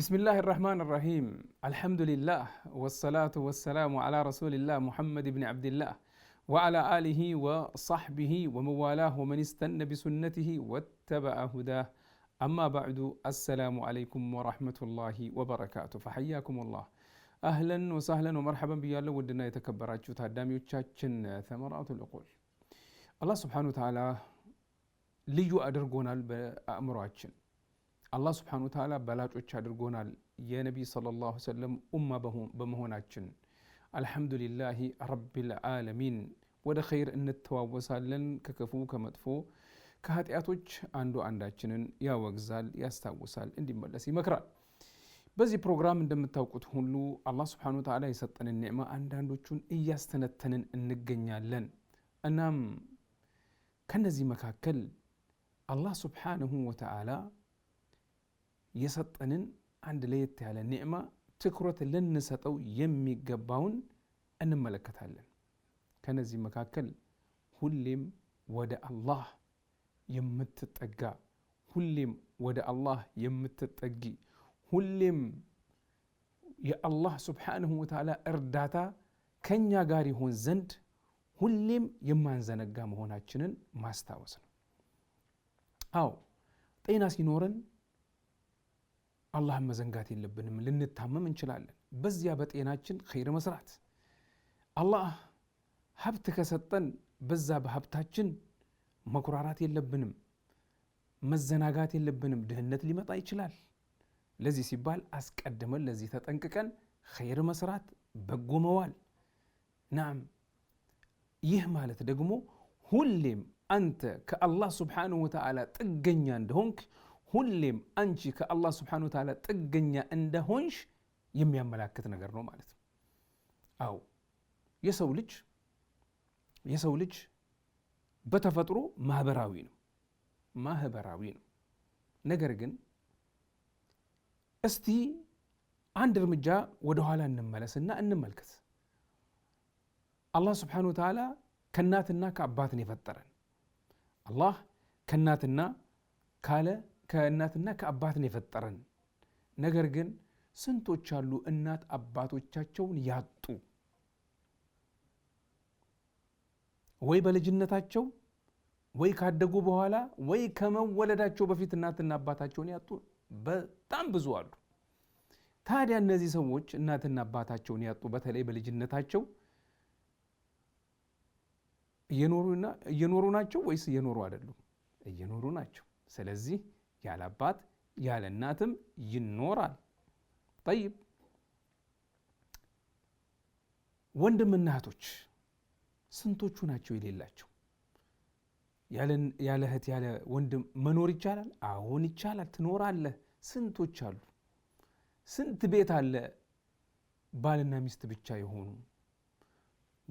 بسم الله الرحمن الرحيم الحمد لله والصلاة والسلام على رسول الله محمد بن عبد الله وعلى آله وصحبه وموالاه ومن استنى بسنته واتبع هداه أما بعد السلام عليكم ورحمة الله وبركاته فحياكم الله أهلا وسهلا ومرحبا بيالله ودنا يتكبراتشو تادامي وتشاتشن ثمرات العقول الله سبحانه وتعالى ليو أدرقونا بأمراتشن አላህ ስብሓነ ወተዓላ በላጮች አድርጎናል። የነቢይ ሰለላሁ ዐለይሂ ኡማ በመሆናችን አልሐምዱሊላሂ ረቢል ዓለሚን። ወደ ኸይር እንተዋወሳለን። ከክፉ ከመጥፎ ከኃጢአቶች አንዱ አንዳችንን ያወግዛል፣ ያስታውሳል፣ እንዲመለስ ይመክራል። በዚህ ፕሮግራም እንደምታውቁት ሁሉ አላህ ስብሓነ ወተዓላ የሰጠንን ኒዕማ አንዳንዶቹን እያስተነተንን እንገኛለን። እናም ከነዚህ መካከል አላህ ስብሓነሁ ወተዓላ የሰጠንን አንድ ለየት ያለ ኒዕማ ትኩረት ልንሰጠው የሚገባውን እንመለከታለን። ከነዚህ መካከል ሁሌም ወደ አላህ የምትጠጋ ሁሌም ወደ አላህ የምትጠጊ ሁሌም የአላህ ሱብሓነሁ ወተዓላ እርዳታ ከእኛ ጋር ይሆን ዘንድ ሁሌም የማንዘነጋ መሆናችንን ማስታወስ ነው። አዎ ጤና ሲኖረን አላህን መዘንጋት የለብንም። ልንታመም እንችላለን። በዚያ በጤናችን ኸይር መስራት አላህ ሀብት ከሰጠን በዛ በሀብታችን መኩራራት የለብንም፣ መዘናጋት የለብንም። ድህነት ሊመጣ ይችላል። ለዚህ ሲባል አስቀድመን ለዚህ ተጠንቅቀን ኸይር መስራት በጎ መዋል ናም። ይህ ማለት ደግሞ ሁሌም አንተ ከአላህ ስብሓንሁ ወተዓላ ጥገኛ እንደሆንክ ሁሌም አንቺ ከአላህ ስብሓነ ወተዓላ ጥገኛ እንደሆንሽ የሚያመላክት ነገር ነው ማለት ነው። አዎ የሰው ልጅ የሰው ልጅ በተፈጥሮ ማህበራዊ ነው ማህበራዊ ነው። ነገር ግን እስቲ አንድ እርምጃ ወደኋላ እንመለስና እንመልከት። አላህ ስብሓነ ወተዓላ ከእናትና ከአባትን የፈጠረን አላህ ከእናትና ካለ ከእናትና ከአባት ነው የፈጠረን። ነገር ግን ስንቶች አሉ እናት አባቶቻቸውን ያጡ ወይ በልጅነታቸው ወይ ካደጉ በኋላ ወይ ከመወለዳቸው በፊት እናትና አባታቸውን ያጡ በጣም ብዙ አሉ። ታዲያ እነዚህ ሰዎች እናትና አባታቸውን ያጡ በተለይ በልጅነታቸው እየኖሩ ናቸው ወይስ እየኖሩ አይደሉም? እየኖሩ ናቸው። ስለዚህ ያለ አባት ያለ እናትም ይኖራል። ጠይብ ወንድምና እህቶች ስንቶቹ ናቸው የሌላቸው? ያለ እህት ያለ ወንድም መኖር ይቻላል? አሁን ይቻላል። ትኖራለህ። ስንቶች አሉ? ስንት ቤት አለ ባልና ሚስት ብቻ የሆኑ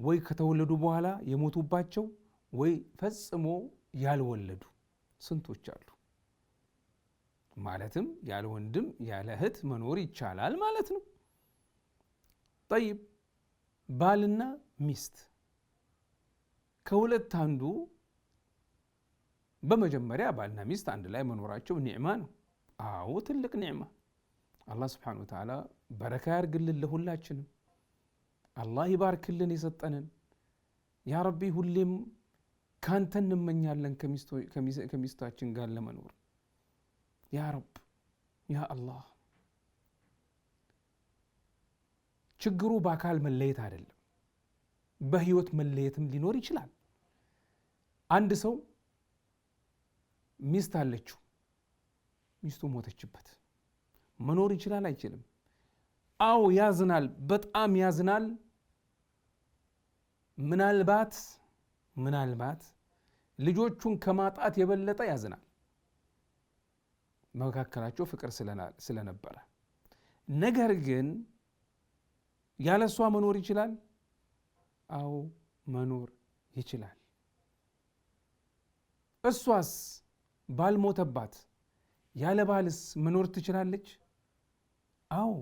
ወይ ከተወለዱ በኋላ የሞቱባቸው ወይ ፈጽሞ ያልወለዱ ስንቶች አሉ። ማለትም ያለ ወንድም ያለ እህት መኖር ይቻላል ማለት ነው። ጠይብ ባልና ሚስት ከሁለት አንዱ በመጀመሪያ ባልና ሚስት አንድ ላይ መኖራቸው ኒዕማ ነው። አዎ ትልቅ ኒዕማ። አላህ ስብሓነሁ ወተዓላ በረካ ያርግልን ለሁላችንም። አላህ ይባርክልን የሰጠንን። ያ ረቢ ሁሌም ካንተ እንመኛለን ከሚስታችን ጋር ለመኖር ያ ረብ ያ አላህ ችግሩ በአካል መለየት አይደለም። በህይወት መለየትም ሊኖር ይችላል። አንድ ሰው ሚስት አለችው፣ ሚስቱ ሞተችበት። መኖር ይችላል አይችልም? አዎ ያዝናል፣ በጣም ያዝናል። ምናልባት ምናልባት ልጆቹን ከማጣት የበለጠ ያዝናል። መካከላቸው ፍቅር ስለነበረ ነገር ግን ያለ እሷ መኖር ይችላል? አዎ መኖር ይችላል። እሷስ ባልሞተባት ያለ ባልስ መኖር ትችላለች? አዎ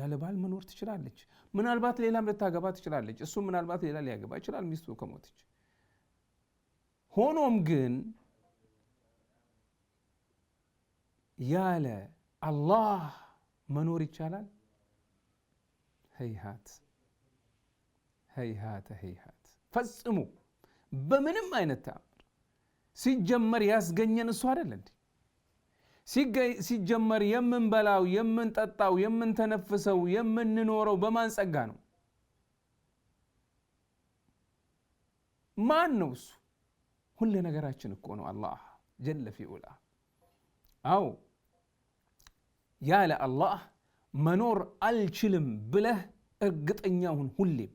ያለ ባል መኖር ትችላለች። ምናልባት ሌላም ልታገባ ትችላለች። እሱም ምናልባት ሌላ ሊያገባ ይችላል ሚስቱ ከሞተች። ሆኖም ግን ያለ አላህ መኖር ይቻላል? ሀይሃት ሀይሃተ ሀይሃት ፈጽሞ በምንም አይነት ተአምር። ሲጀመር ያስገኘን እሱ አደለ እንዲ ሲጀመር የምንበላው፣ የምንጠጣው፣ የምንተነፍሰው፣ የምንኖረው በማን ጸጋ ነው? ማን ነው እሱ? ሁሉ ነገራችን እኮ ነው አላህ ጀለ ፊዑላ። አው ያለ አላህ መኖር አልችልም ብለህ እርግጠኛ ሁን ሁሌም።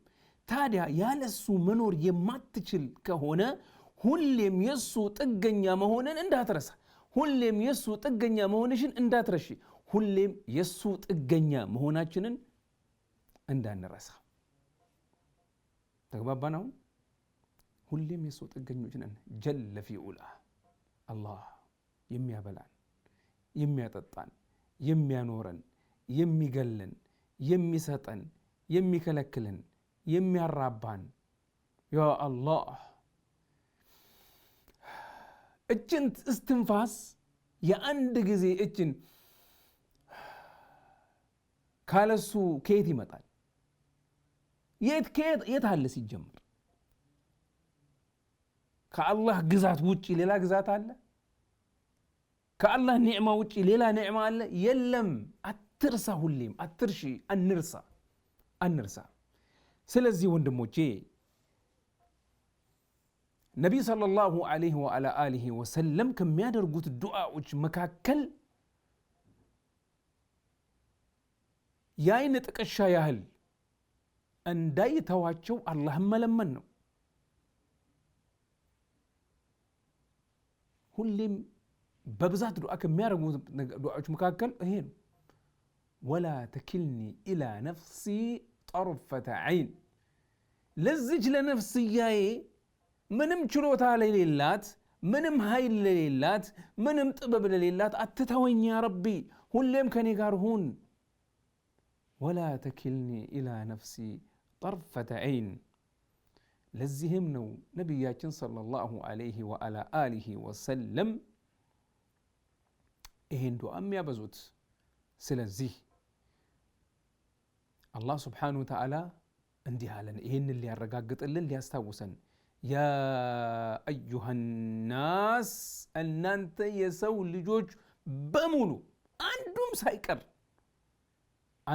ታዲያ ያለሱ መኖር የማትችል ከሆነ ሁሌም የሱ ጥገኛ መሆንን እንዳትረሳ፣ ሁሌም የሱ ጥገኛ መሆንሽን እንዳትረሺ፣ ሁሌም የሱ ጥገኛ መሆናችንን እንዳንረሳ። ተግባባን? አሁን ሁሌም የሱ ጥገኞች ነን። ጀለፊ ኡላ አላህ የሚያበላን የሚያጠጣን የሚያኖረን የሚገለን የሚሰጠን የሚከለክለን የሚያራባን ያ አላህ እችን እስትንፋስ የአንድ ጊዜ እችን ካለሱ ከየት ይመጣል? የት ከየት የት አለ? ሲጀምር! ከአላህ ግዛት ውጭ ሌላ ግዛት አለ? ከአላህ ኒዕማ ውጪ ሌላ ኒዕማ አለ? የለም። አትርሳ፣ ሁሌም አትርሺ፣ አንርሳ፣ አንርሳ። ስለዚህ ወንድሞቼ ነቢይ ሰለላሁ ዐለይሂ ወዓላ አሊሂ ወሰለም ከሚያደርጉት ዱዓዎች መካከል የአይን ጥቀሻ ያህል እንዳይተዋቸው አላህን መለመን ነው ሁሌም ببزات دعاء كم دعوات مكاكل هين ولا تكلني إلى نفسي طرفة عين لزج لنفسي يا منم شروطها لليلات منم هاي لليلات منم طبب لليلات أتتوين يا ربي اللي يمكن يقارهون ولا تكلني إلى نفسي طرفة عين لزهم نو نبي صلى الله عليه وعلى آله وسلم ይሄን ዱዓ የሚያበዙት። ስለዚህ አላህ ስብሓነሁ ወተዓላ እንዲህ አለን፣ ይህንን ሊያረጋግጥልን ሊያስታውሰን ያ አዩሃናስ እናንተ የሰው ልጆች በሙሉ አንዱም ሳይቀር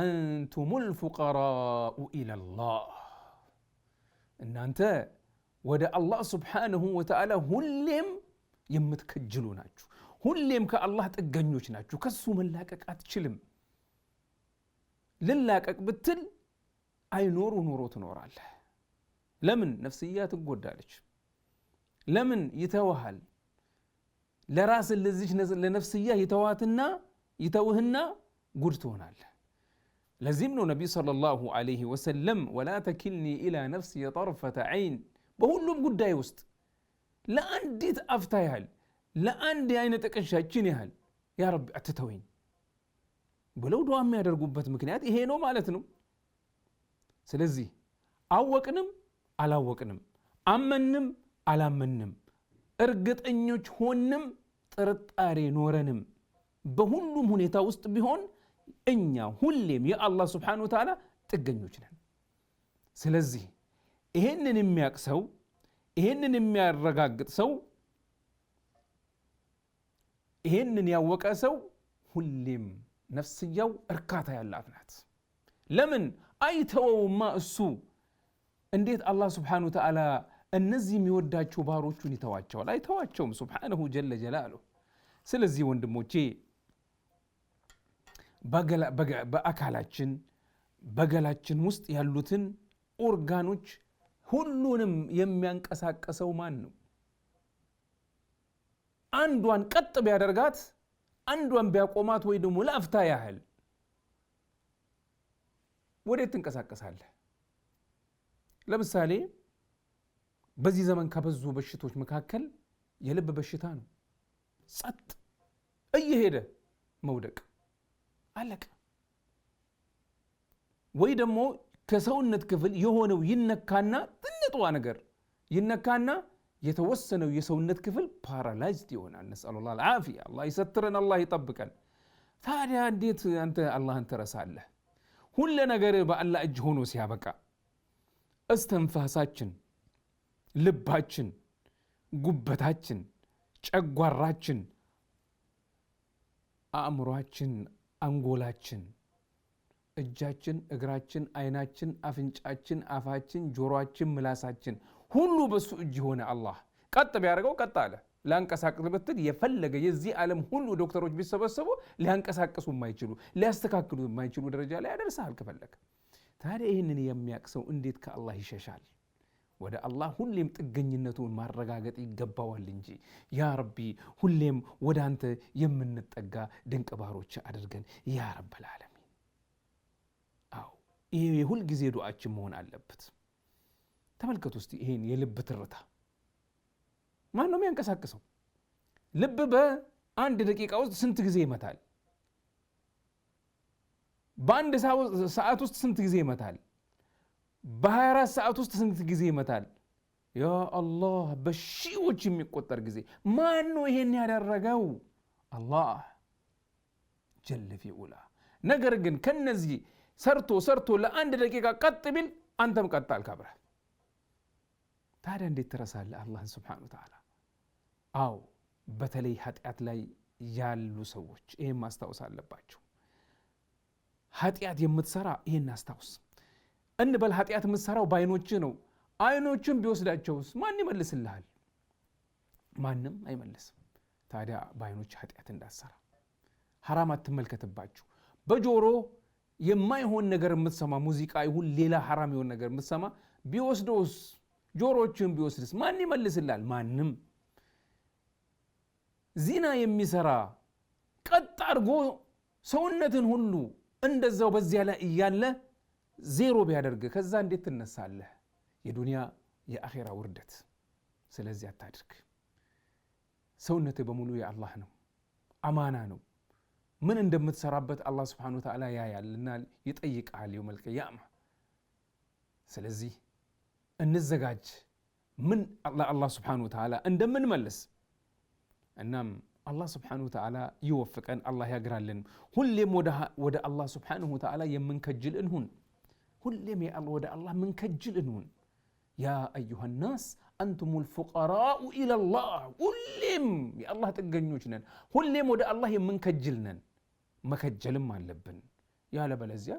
አንቱሙል ፉቀራኡ ኢለላህ እናንተ ወደ አላህ ስብሓነሁ ወተዓላ ሁሌም የምትከጅሉ ናችሁ። ሁሌም ከአላህ ጥገኞች ናችሁ። ከሱ መላቀቅ አትችልም። ልላቀቅ ብትል አይኖሩ ኑሮ ትኖራለህ። ለምን ነፍስያ ትጎዳለች? ለምን ይተውሃል? ለራስን ለዚች ለነፍስያ ይተዋትና ይተውህና ጉድ ትሆናለህ። ለዚህም ነው ነቢዩ ሰለላሁ ዐለይሂ ወሰለም ወላ ተኪልኒ ኢላ ነፍሲ የጠርፈተ ዐይን በሁሉም ጉዳይ ውስጥ ለአንዲት አፍታ ያህል ለአንድ የአይነ ጥቅሻችን ያህል ያ ረቢ አትተወኝ ብለው ዱዓ የሚያደርጉበት ምክንያት ይሄ ነው ማለት ነው። ስለዚህ አወቅንም አላወቅንም፣ አመንም አላመንም፣ እርግጠኞች ሆንም ጥርጣሬ ኖረንም፣ በሁሉም ሁኔታ ውስጥ ቢሆን እኛ ሁሌም የአላህ ስብሓነ ወተዓላ ጥገኞች ነን። ስለዚህ ይሄንን የሚያቅ ሰው ይሄንን የሚያረጋግጥ ሰው ይሄንን ያወቀ ሰው ሁሌም ነፍስያው እርካታ ያላት ናት። ለምን አይተወውማ? እሱ እንዴት አላህ ስብሓነሁ ወተዓላ እነዚህ የሚወዳቸው ባሮቹን ይተዋቸዋል? አይተዋቸውም ስብሓነሁ ጀለ ጀላሉ። ስለዚህ ወንድሞቼ በአካላችን በገላችን ውስጥ ያሉትን ኦርጋኖች ሁሉንም የሚያንቀሳቀሰው ማን ነው? አንዷን ቀጥ ቢያደርጋት አንዷን ቢያቆማት ወይ ደግሞ ለአፍታ ያህል ወዴት ትንቀሳቀሳለህ? ለምሳሌ በዚህ ዘመን ከበዙ በሽቶች መካከል የልብ በሽታ ነው። ጸጥ እየሄደ መውደቅ አለቀ። ወይ ደግሞ ከሰውነት ክፍል የሆነው ይነካና ትንጧ ነገር ይነካና የተወሰነው የሰውነት ክፍል ፓራላይዝድ ይሆናል። ነስአሉ ላ አልዓፊያ። አላህ ይሰትረን፣ አላህ ይጠብቀን። ታዲያ እንዴት አንተ አላህን ትረሳለህ? ሁለ ነገር በአላህ እጅ ሆኖ ሲያበቃ እስትንፋሳችን፣ ልባችን፣ ጉበታችን፣ ጨጓራችን፣ አእምሯችን፣ አንጎላችን፣ እጃችን፣ እግራችን፣ አይናችን፣ አፍንጫችን፣ አፋችን፣ ጆሮችን ምላሳችን ሁሉ በሱ እጅ ሆነ። አላህ ቀጥ ቢያደርገው ቀጥ አለ። ሊያንቀሳቅስ ብትል የፈለገ የዚህ ዓለም ሁሉ ዶክተሮች ቢሰበሰቡ ሊያንቀሳቅሱ የማይችሉ ሊያስተካክሉ የማይችሉ ደረጃ ላይ ያደርሰሃል ከፈለግ። ታዲያ ይህንን የሚያቅሰው ሰው እንዴት ከአላህ ይሸሻል? ወደ አላህ ሁሌም ጥገኝነቱን ማረጋገጥ ይገባዋል እንጂ ያ ረቢ ሁሌም ወደ አንተ የምንጠጋ ድንቅ ባሮች አድርገን ያ ረበል ዓለሚን። አዎ ይህ የሁልጊዜ ዱዓችን መሆን አለበት። ተመልከቱ እስቲ ይሄን የልብ ትርታ ማን ነው የሚያንቀሳቅሰው? ልብ በአንድ ደቂቃ ውስጥ ስንት ጊዜ ይመታል? በአንድ ሰዓት ውስጥ ስንት ጊዜ ይመታል? በ24 ሰዓት ውስጥ ስንት ጊዜ ይመታል? ያ አላህ በሺዎች የሚቆጠር ጊዜ። ማን ነው ይሄን ያደረገው? አላህ ጀለ ፊዑላ። ነገር ግን ከነዚህ ሰርቶ ሰርቶ ለአንድ ደቂቃ ቀጥ ቢል አንተም ቀጥ አልካብረህ ታዲያ እንዴት ትረሳለህ አላህን ስብሓን ወተዓላ? አዎ በተለይ ኃጢአት ላይ ያሉ ሰዎች ይህን ማስታወስ አለባቸው። ኃጢአት የምትሰራ ይህን አስታውስ እንበል። ኃጢአት የምትሰራው በአይኖች ነው። አይኖቹን ቢወስዳቸውስ ማን ይመልስልሃል? ማንም አይመልስም። ታዲያ በአይኖች ኃጢአት እንዳትሰራ፣ ሐራም አትመልከትባቸው። በጆሮ የማይሆን ነገር የምትሰማ ሙዚቃ ይሁን ሌላ ሐራም የሆን ነገር የምትሰማ ቢወስደውስ ጆሮችን ቢወስድስ ማን ይመልስላል? ማንም። ዚና የሚሰራ ቀጥ አድርጎ ሰውነትን ሁሉ እንደዛው በዚያ ላይ እያለ ዜሮ ቢያደርግ ከዛ እንዴት ትነሳለህ? የዱንያ የአኼራ ውርደት። ስለዚህ አታድርግ። ሰውነት በሙሉ የአላህ ነው፣ አማና ነው። ምን እንደምትሰራበት አላህ ስብሓነ ወተዓላ ያያልና ይጠይቃል የውመል ቂያማ። ስለዚህ እንዘጋጅ ምን ለአላህ ስብሓን ወተዓላ እንደምንመልስ እናም አላህ ስብሓን ወተዓላ ይወፍቀን አላህ ያግራልን ሁሌም ወደ አላህ ስብሓንሁ ወተዓላ የምንከጅል እንሁን ሁሌም ወደ አላህ ምንከጅል እንሁን ያ አዩሃ ናስ አንቱም ልፉቀራኡ ኢለላህ ሁሌም የአላህ ጥገኞች ነን ሁሌም ወደ አላህ የምንከጅል ነን መከጀልም አለብን ያለበለዚያ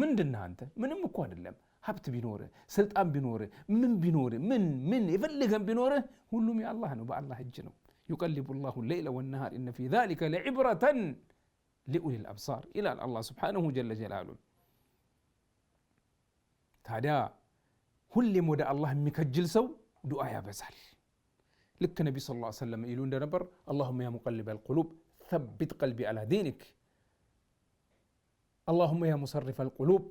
ምንድና አንተ ምንም እኮ አይደለም ሀብት ቢኖርህ ስልጣን ቢኖርህ ምን ቢኖርህ ምን ምን የፈልገን ቢኖርህ ሁሉም የአላህ ነው፣ በአላህ እጅ ነው። ዩቀልቡ ላሁ ሌይለ ወነሃር ኢነ ፊ ዛሊከ ለዕብረተን ሊኡሊል አብሳር ይላል አላህ ስብሓነሁ ጀለ ጀላሉ። ታዲያ ሁሌም ወደ አላህ የሚከጅል ሰው ዱዓ ያበዛል። ልክ ነቢ ስ ላ ሰለም ይሉ እንደነበር አላሁመ ያ ሙቀልበ ልቁሉብ ተቢት ቀልቢ አላ ዲኒክ፣ አላሁመ ያ ሙሰሪፈ ልቁሉብ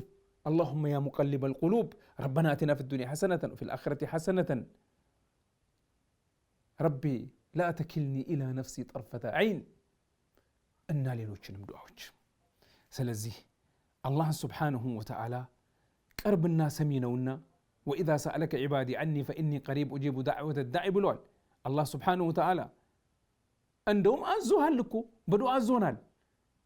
اللهم يا مقلب القلوب ربنا اتنا في الدنيا حسنه وفي الاخره حسنه ربي لا تكلني الى نفسي طرفه عين انا ليلوچنم دعوچ سلازي الله سبحانه وتعالى كرب الناس مينونا واذا سالك عبادي عني فاني قريب اجيب دعوه الداعي بلوال الله سبحانه وتعالى عندهم أزوها لكو بدو ازونال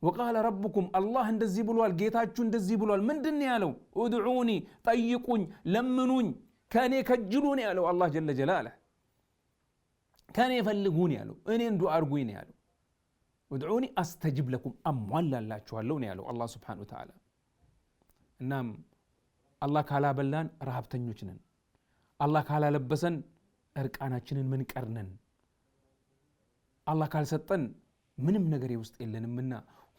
ወቃለ ረቡኩም አላህ እንደዚህ ብሏል፣ ጌታችሁ እንደዚህ ብሏል። ምንድን ያለው? እድዑኒ ጠይቁኝ፣ ለምኑኝ፣ ከእኔ ከጅሉን ያለው አላህ ጀለ ጀላለ። ከእኔ ፈልጉን ያለው እኔ እንዱ አርጉኝ ነው ያለው። እድዑኒ አስተጅብ ለኩም አሟላላችኋለሁ ነው ያለው አላህ ስብሓነሁ ወተዓላ። እናም አላህ ካላበላን ረሃብተኞች ነን። አላህ ካላለበሰን እርቃናችንን ምንቀር ነን። አላህ ካልሰጠን ምንም ነገር የውስጥ የለንምና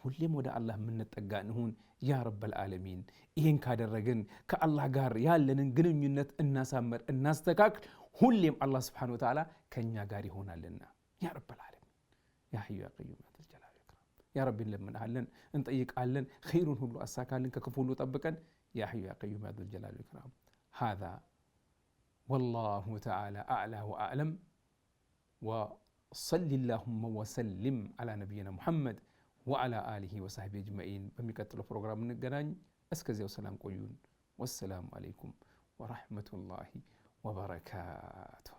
ሁሌም ወደ አላህ የምንጠጋ እንሁን ያ ረበል ዓለሚን። ይህን ካደረግን ከአላህ ጋር ያለንን ግንኙነት እናሳመር፣ እናስተካክል። ሁሌም አላህ ስብሓነሁ ወተዓላ ከእኛ ጋር ይሆናልና ያ ረበል ዓለሚን ያ ሐዩ ያ ቀዩም ጀላል ኢክራም ያ ረቢ እንለምንሃለን፣ እንጠይቃለን። ኸይሩን ሁሉ አሳካልን፣ ከክፉ ሁሉ ጠብቀን። ያ ሐዩ ያ ቀዩም ጀላል ኢክራም ሃዛ ወላሁ ተዓላ አዕላ ወአዕለም። وصل اللهم وسلم على نبينا محمد ወአላ አሊሂ ወሳህቢ አጅማኢን። በሚቀጥለው ፕሮግራም እንገናኝ። እስከዚያው ሰላም ቆዩን። ወሰላሙ አለይኩም ወራህመቱላሂ ወበረካቱ።